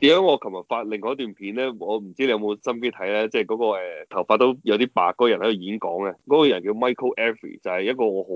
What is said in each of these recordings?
點解我琴日發另外一段片咧？我唔知你有冇心機睇咧，即係嗰、那個誒、呃、頭髮都有啲白嗰個人喺度演講嘅。嗰、那個人叫 Michael Every，就係一個我好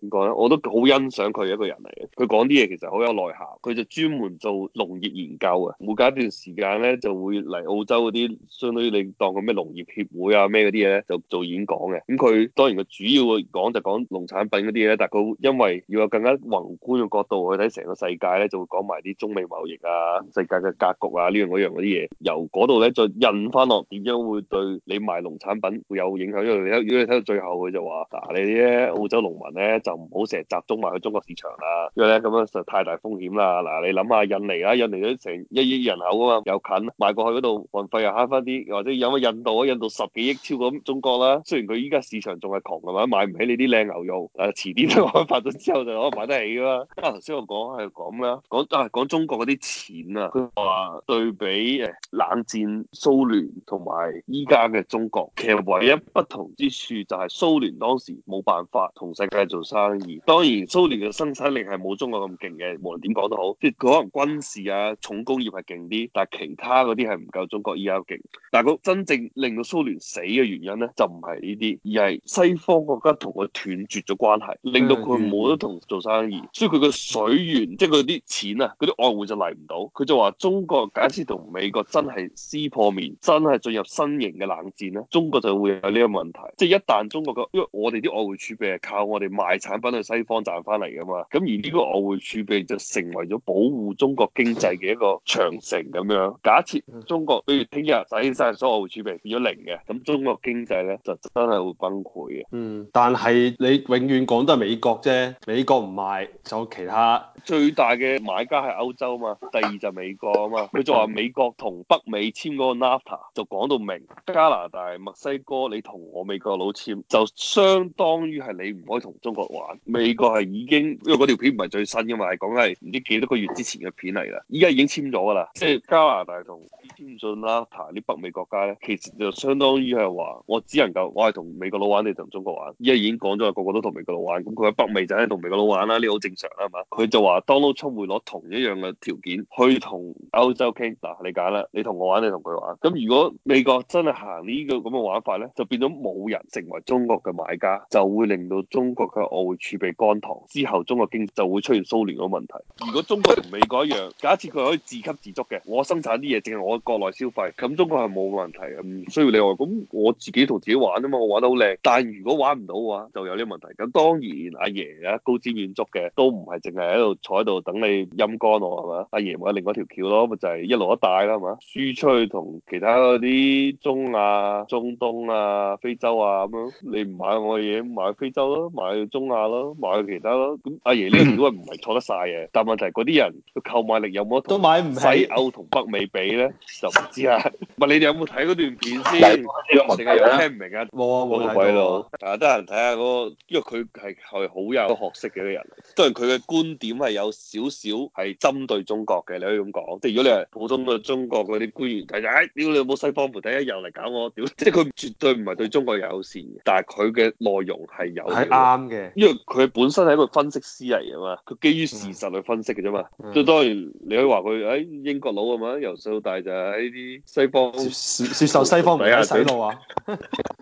點講咧，我都好欣賞佢一個人嚟嘅。佢講啲嘢其實好有內涵。佢就專門做農業研究嘅，每隔一段時間咧就會嚟澳洲嗰啲，相對於你當個咩農業協會啊咩嗰啲嘢咧，就做演講嘅。咁佢當然佢主要嘅講就講農產品嗰啲咧，但佢因為要有更加宏觀嘅角度去睇成個世界咧，就會講埋啲中美貿易啊、世界嘅格局啊，呢樣嗰樣嗰啲嘢，由嗰度咧再印翻落，點樣會對你賣農產品會有影響？因為你睇，如果你睇到最後，佢就話：嗱，你咧澳洲農民咧就唔好成日集中埋去中國市場啦，因為咧咁樣實在太大風險啦。嗱，你諗下，印尼啦，印尼都成一億人口啊嘛，又近賣過去嗰度，運費又慳翻啲，或者有冇印度啊？印度十幾億超過中國啦，雖然佢依家市場仲係窮啊嘛，買唔起你啲靚牛肉，誒遲啲都開發咗之後就可買得起噶啦。頭先我講係講咩啊？講啊講中國嗰啲錢啊，佢話。對比冷戰蘇聯同埋依家嘅中國，其實唯一不同之處就係蘇聯當時冇辦法同世界做生意。當然蘇聯嘅生產力係冇中國咁勁嘅，無論點講都好，即係可能軍事啊重工業係勁啲，但係其他嗰啲係唔夠中國依家勁。但係真正令到蘇聯死嘅原因呢，就唔係呢啲，而係西方國家同佢斷絕咗關係，令到佢冇得同做生意，所以佢嘅水源即係佢啲錢啊，佢啲外匯就嚟唔到。佢就話中國。假設同美國真係撕破面，真係進入新型嘅冷戰咧，中國就會有呢個問題。即係一旦中國嘅，因為我哋啲外匯儲備係靠我哋賣產品去西方賺翻嚟㗎嘛，咁而呢個外匯儲備就成為咗保護中國經濟嘅一個長城咁樣。假設中國比如聽日使晒所有外匯儲備變咗零嘅，咁中國經濟咧就真係會崩潰嘅。嗯，但係你永遠講得係美國啫，美國唔賣就其他最大嘅買家係歐洲啊嘛，第二就美國啊嘛。佢就話美國同北美簽嗰個 NAFTA 就講到明加拿大、墨西哥，你同我美國佬簽就相當於係你唔可以同中國玩。美國係已經因為嗰條片唔係最新嘅嘛，係講緊係唔知幾多個月之前嘅片嚟啦。依家已經簽咗噶啦，即係加拿大同簽信 NAFTA 啲北美國家咧，其實就相當於係話我只能夠我係同美國佬玩，你同中國玩。依家已經講咗，個個都同美國佬玩，咁佢喺北美就係同美國佬玩啦，呢個好正常啦，係嘛？佢就話當都出會攞同一樣嘅條件去同歐洲。O K，嗱，你揀啦，你同我玩，你同佢玩。咁如果美國真係行呢個咁嘅玩法咧，就變咗冇人成為中國嘅買家，就會令到中國嘅外匯儲備乾塘，之後中國經濟就會出現蘇聯嘅問題。如果中國同美國一樣，假設佢可以自給自足嘅，我生產啲嘢淨係我國內消費，咁中國係冇問題嘅，唔需要你話。咁我自己同自己玩啊嘛，我玩得好靚。但如果玩唔到嘅話，就有啲問題。咁當然阿爺啊高瞻遠矚嘅，都唔係淨係喺度坐喺度等你陰乾我係嘛？阿爺咪有另外一條橋咯。就係一路一帶啦，係嘛？輸出去同其他嗰啲中亞、中東啊、非洲啊咁樣，你唔買我嘢，買非洲咯，買中亞咯，買去其他咯。咁、嗯、阿、啊、爺，你如果唔係錯得晒嘅，但問題，嗰啲人個購買力有冇都買唔起歐同北美比咧，就唔知 有有 啊。唔你哋有冇睇嗰段片先？成日有聽唔明啊！冇啊，冇我鬼到。嗱，得閒睇下嗰個，因為佢係係好有學識嘅一個人。雖然佢嘅觀點係有少少係針對中國嘅，你可以咁講。即係如果你。普通嘅中國嗰啲官員睇誒，屌、哎、你有冇西方媒體又嚟搞我？屌！即係佢絕對唔係對中國友善，但係佢嘅內容係有啲啱嘅，因為佢本身係一個分析師嚟㗎嘛，佢基於事實去分析嘅啫嘛。即係、嗯、當然你可以話佢誒英國佬啊嘛，由細到大就係呢啲西方接受西方唔使洗腦啊。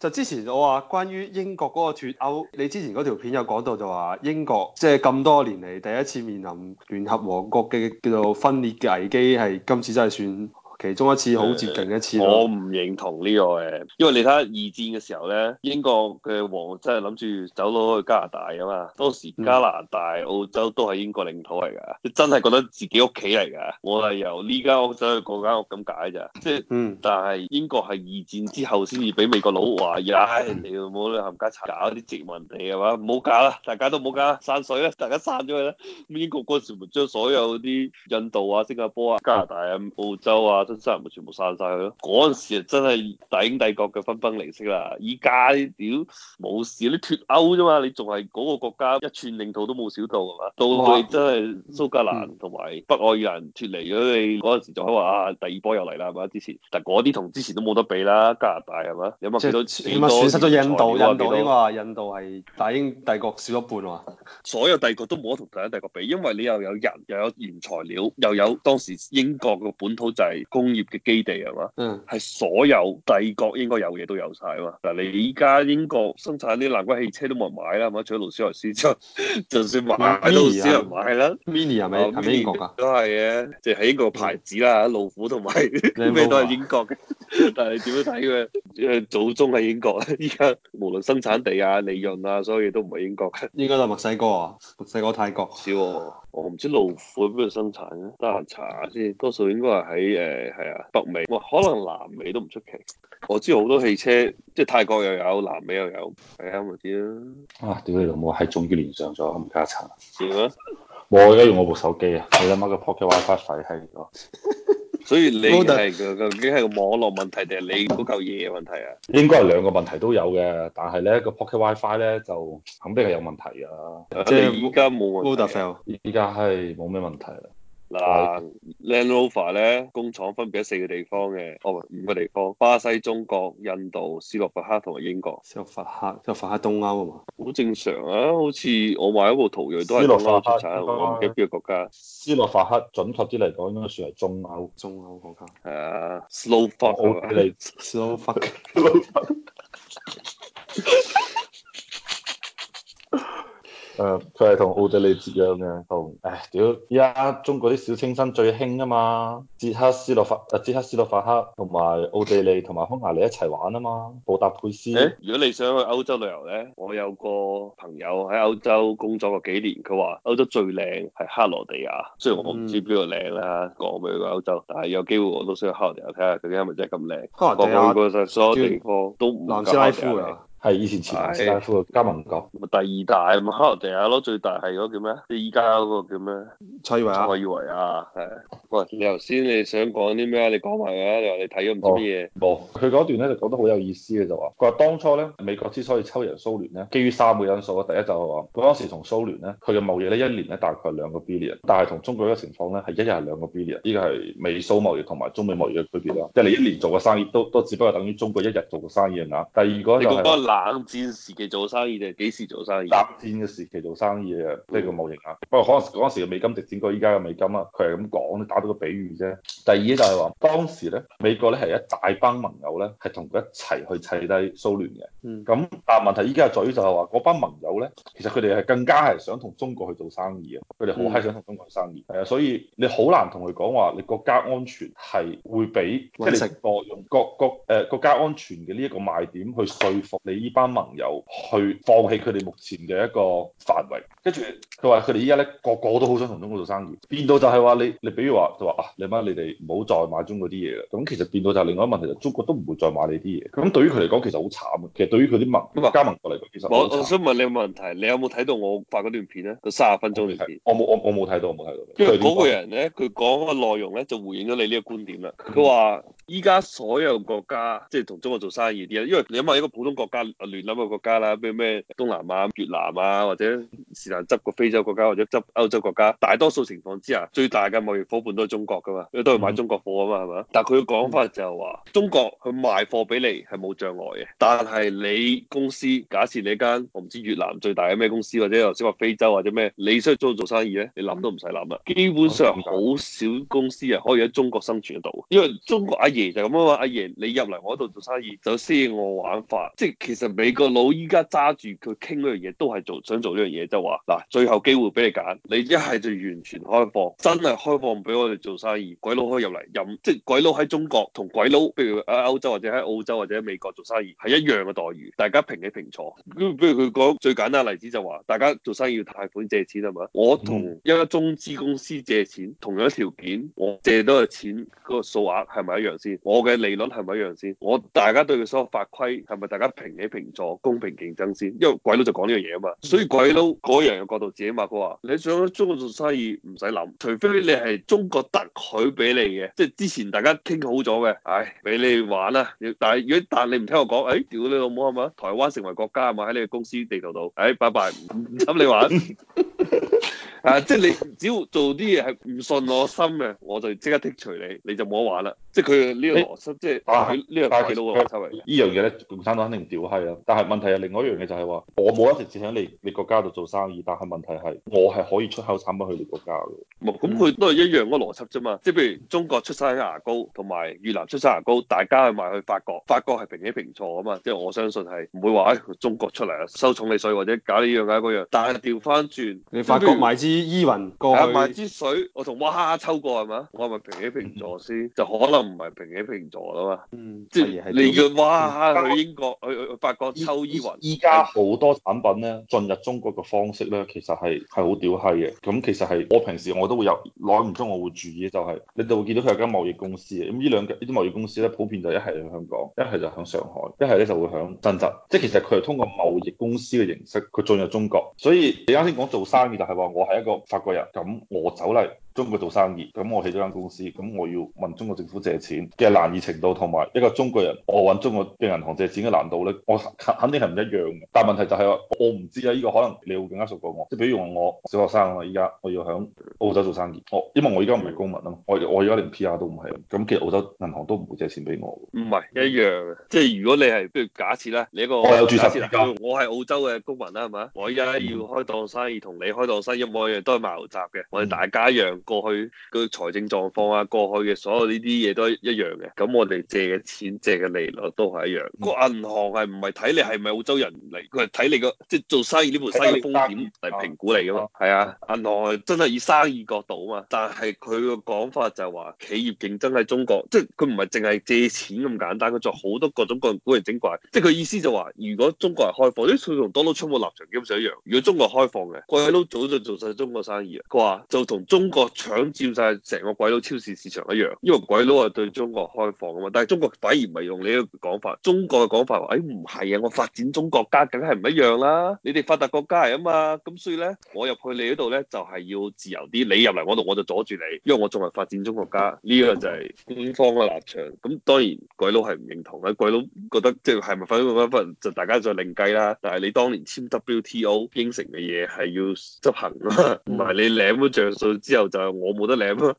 就之前我話關於英國嗰個脫歐，你之前嗰條片有講到，就話英國即係咁多年嚟第一次面臨聯合王國嘅叫做分裂嘅危機，係今次真係算。其中一次好接近一次，我唔認同呢個誒，因為你睇下二戰嘅時候咧，英國嘅王真係諗住走佬去加拿大啊嘛。當時加拿大、澳洲都係英國領土嚟㗎，真係覺得自己屋企嚟㗎。我係由呢間屋走去嗰間屋咁解咋，即係。但係英國係二戰之後先至俾美國佬話：唉、哎，你唔好喺冚家拆搞啲殖民地啊嘛，唔好搞啦，大家都冇搞啦，散水啦，大家散咗佢啦。英國嗰時咪將所有啲印度啊、新加坡啊、加拿大啊、澳洲啊。真係咪全部散晒佢咯！嗰陣時真係大英帝國嘅分崩離析啦。而家屌冇事，你脱歐啫嘛，你仲係嗰個國家一寸領土都冇少到係嘛？到最真係蘇格蘭同埋北愛爾蘭脱離咗，你嗰陣時仲喺話啊，第二波又嚟啦係嘛？之前，但嗰啲同之前都冇得比啦，加拿大係嘛？有冇、就是、幾多錢？點解損失咗印度？印度呢個印度係大英帝國少一半喎。所有帝國都冇得同大英帝國比，因為你又有人，又有原材料，又有當時英國嘅本土就係工業嘅基地係嘛，係、嗯、所有帝國應該有嘢都有晒啊嘛。嗱，你依家英國生產啲爛鬼汽車都冇人買啦，係嘛？除咗勞斯萊斯之外，就算買都少人買啦。Mini 係咪喺英國㗎？都係嘅，即、就、係、係、英國牌子啦。路、嗯、虎同埋咩都係英國嘅。 但係點樣睇佢？因為祖宗喺英國，依家無論生產地啊、利潤啊，所有嘢都唔係英國嘅。應該係墨西哥啊，墨西哥、泰國。似我唔知路虎喺邊度生產嘅，得閒查下先。多數應該係喺誒，係、呃、啊，北美。哇、呃，可能南美都唔出奇。我知好多汽車，即係泰國又有，南美又有，係啊，冇知啦。啊，屌你老母，喺終於連上咗，唔加查。點啊？我而家、啊、用我部手機啊，你諗下個 Pocket WiFi 使氣 所以你係究竟係個網絡問題定係你嗰嚿嘢嘅問題啊？應該係兩個問題都有嘅，但係咧個 Pocket WiFi 咧就肯定係有問題㗎。即係而家冇啊，題，依家係冇咩問題啦。嗱、嗯、，Land Rover 咧，工廠分別喺四個地方嘅，哦唔係五個地方，巴西、中國、印度、斯洛伐克同埋英國。斯洛伐克即係法克東歐啊嘛，好正常啊，好似我買一部途銳都係斯洛伐克出產，我唔記得邊個國家。斯洛伐克準確啲嚟講，應該算係中歐。中歐國家係啊，uh, Slow fuck, 斯洛伐克。我睇嚟斯洛伐克。誒，佢係同奧地利接咁樣，同誒屌依家中國啲小清新最興啊嘛，捷克斯洛伐、誒捷克斯洛伐克同埋奧地利同埋匈牙利一齊玩啊嘛，布達佩斯。誒、欸，如果你想去歐洲旅遊咧，我有個朋友喺歐洲工作過幾年，佢話歐洲最靚係克羅地亞，雖然我唔知邊個靚啦，講俾佢講歐洲，但係有機會我都想去克羅地亞睇下究竟係咪真係咁靚。克羅地亞，就所，所有地方都唔夠靚。係以前前蘇聯嘅加盟國，第二大咪哈薩克斯坦咯，最大係嗰叫咩啊？依家嗰個叫咩？蔡依維亞，蔡依維亞係。喂，你頭先你想講啲咩啊？你講埋啊，你話你睇咗唔多嘢。冇、哦，佢嗰段咧就講得好有意思嘅，就話佢話當初咧美國之所以抽人蘇聯咧，基於三個因素啊。第一就係話佢當時同蘇聯咧，佢嘅貿易咧一年咧大概兩個 billion，但係同中國嘅情況咧係一日兩個 billion。依個係美蘇貿易同埋中美貿易嘅區別咯，即係你一年做嘅生意都都只不過等於中國一日做嘅生意啊。第二個就係、是。冷戰時期做生意定係，幾時做生意？冷戰嘅時期做生意嘅，啊，即係個模型啊。不過嗰陣時嗰陣時嘅美金值錢過依家嘅美金啊。佢係咁講，你打到個比喻啫。第二就係話當時咧，美國咧係一大班盟友咧，係同佢一齊去砌低蘇聯嘅。咁、嗯、但係問題依家嘅嘴就係話嗰班盟友咧，其實佢哋係更加係想同中國去做生意啊。佢哋好閪想同中國做生意，係啊，嗯，所以你好難同佢講話，你國家安全係會俾即係你成個用各各誒國家安全嘅呢一個賣點去説服你。呢班盟友去放棄佢哋目前嘅一個範圍。跟住佢話：佢哋依家咧個個都好想同中國做生意，變到就係話你你，你比如話就話啊，你媽你哋唔好再買中國啲嘢啦。咁其實變到就係另外一個問題，就中國都唔會再買你啲嘢。咁對於佢嚟講，其實好慘。其實對於佢啲民加盟嚟講，說過來來其實好慘，我我想問你個問題，你有冇睇到我發嗰段片咧？三十分鐘你睇我冇我我冇睇到，我冇睇到。因為嗰個人咧，佢講個內容咧就回應咗你呢個觀點啦。佢話依家所有國家即係同中國做生意啲，因為你諗下一個普通國家啊，亂諗嘅國家啦，咩咩東南亞、越南啊，或者執個非洲國家，或者執歐洲國家，大多數情況之下，最大嘅貿易夥伴都係中國噶嘛，都係買中國貨啊嘛，係咪？但係佢嘅講法就係話，中國佢賣貨俾你係冇障礙嘅，但係你公司，假設你一間我唔知越南最大嘅咩公司，或者頭先話非洲或者咩，你想做做生意咧，你諗都唔使諗啦，基本上好少公司啊可以喺中國生存得到，因為中國阿爺就咁樣話，阿爺你入嚟我度做生意就先我玩法，即係其實美國佬依家揸住佢傾呢樣嘢，都係做想做呢樣嘢，就話。嗱，最後機會俾你揀，你一係就完全開放，真係開放俾我哋做生意，鬼佬可以入嚟，任即係鬼佬喺中國同鬼佬，譬如喺歐洲或者喺澳洲或者喺美國做生意係一樣嘅待遇，大家平起平坐。不如佢講最簡單例子就話，大家做生意要貸款借錢係嘛，我同一家中資公司借錢，同樣條件，我借到嘅錢嗰個數額係咪一樣先？我嘅利率係咪一樣先？我大家對佢所有法規係咪大家平起平坐公平競爭先？因為鬼佬就講呢樣嘢啊嘛，所以鬼佬嗰人嘅角度自己擘，佢話：你想喺中國做生意唔使諗，除非你係中國特許俾你嘅，即係之前大家傾好咗嘅。唉，俾你玩啦！但係如果但你唔聽我講，唉，屌你老母係嘛！台灣成為國家啊嘛，喺你嘅公司地圖度，唉，拜拜，唔侵你玩。 啊，即係你只要做啲嘢係唔信我心嘅，我就即刻剔除你，你就冇得玩啦。即係佢呢個邏輯，你即係、啊，但係呢樣嘢，呢樣嘢咧，共產黨肯定屌閪啊。但係問題係另外一樣嘢就係、是、話，我冇一直接喺你你國家度做生意，但係問題係我係可以出口產品去你國家嘅。咁佢、嗯、都係一樣嗰個邏輯啫嘛。即係譬如中國出晒牙膏，同埋越南出晒牙膏，大家去賣去法國，法國係平起平坐啊嘛。即係我相信係唔會話誒中國出嚟啊收重利稅或者搞呢樣搞嗰樣。但係調翻轉，你法國賣支依雲過去，賣支水，我同娃哈哈抽過係咪？我係咪平起平坐先？嗯、就可能。唔係平起平坐啦嘛，即係你要哇、嗯、去英國但 去法國抽依雲。依家好多產品咧的進入中國嘅方式咧，其實係係好屌閪嘅。咁其實係我平時我都會有，耐唔中我會注意，就係、是、你就會見到佢有間貿易公司。咁呢兩呢啲貿易公司咧，普遍就是一係喺香港，一係就喺上海，一係咧就，就會喺深圳。即係其實佢係通過貿易公司嘅形式，佢進入中國。所以，所以你啱先講做生意，就係、是、話我係一個法國人，人，咁我走嚟，中國做生意咁，我起咗間公司，咁我要問中國政府借錢嘅難易程度，同埋一個中國人我揾中國嘅銀行借錢嘅難度咧，我肯定係唔一樣嘅。但係問題就係話，我唔知啦，依個可能你會更加熟過我。即係比如話，我小學生啊嘛，依家我要喺澳洲做生意，我因為我依家唔係公民啊嘛，我我依家連 PR 都唔係，咁其實澳洲銀行都唔會借錢俾我。唔係一樣嘅，即係如果你係譬如假設咧，你一個我有註冊時間，我係澳洲嘅公民啦，係咪？我依家要開檔生意，同你開檔生意一模一樣，都係賣牛雜嘅，我哋大家一樣。過去個財政狀況啊，過去嘅所有呢啲嘢都係一樣嘅。咁我哋借嘅錢、借嘅利率都係一樣。個銀行係唔係睇你係咪澳洲人嚟？佢係睇你個即係做生意呢盤生意風險嚟評估你噶嘛？係啊，啊，啊，銀行係真係以生意角度啊嘛。但係佢個講法就話企業競爭喺中國，即係佢唔係淨係借錢咁簡單。佢做好多各種各樣古靈精怪。即係佢意思就話，如果中國係開放，即佢同 Donald Trump 個立場基本上一樣。如果中國開放嘅，鬼佬早就做晒中國生意啊。佢話就同中國。搶佔晒成個鬼佬超市市場一樣，因為鬼佬係對中國開放噶嘛，但係中國反而唔係用你呢個講法，中國嘅講法話：誒唔係啊，我發展中國家梗係唔一樣啦，你哋發達國家係啊嘛，咁所以呢，我入去你嗰度呢，就係要自由啲，你入嚟我度我就阻住你，因為我作為發展中國家，呢個就係官方嘅立場。咁當然鬼佬係唔認同嘅，鬼佬覺得即係咪發展中國家，就大家再另計啦。但係你當年簽 WTO 應承嘅嘢係要執行啊，唔係你攞咗著數之後就。誒，我冇得領。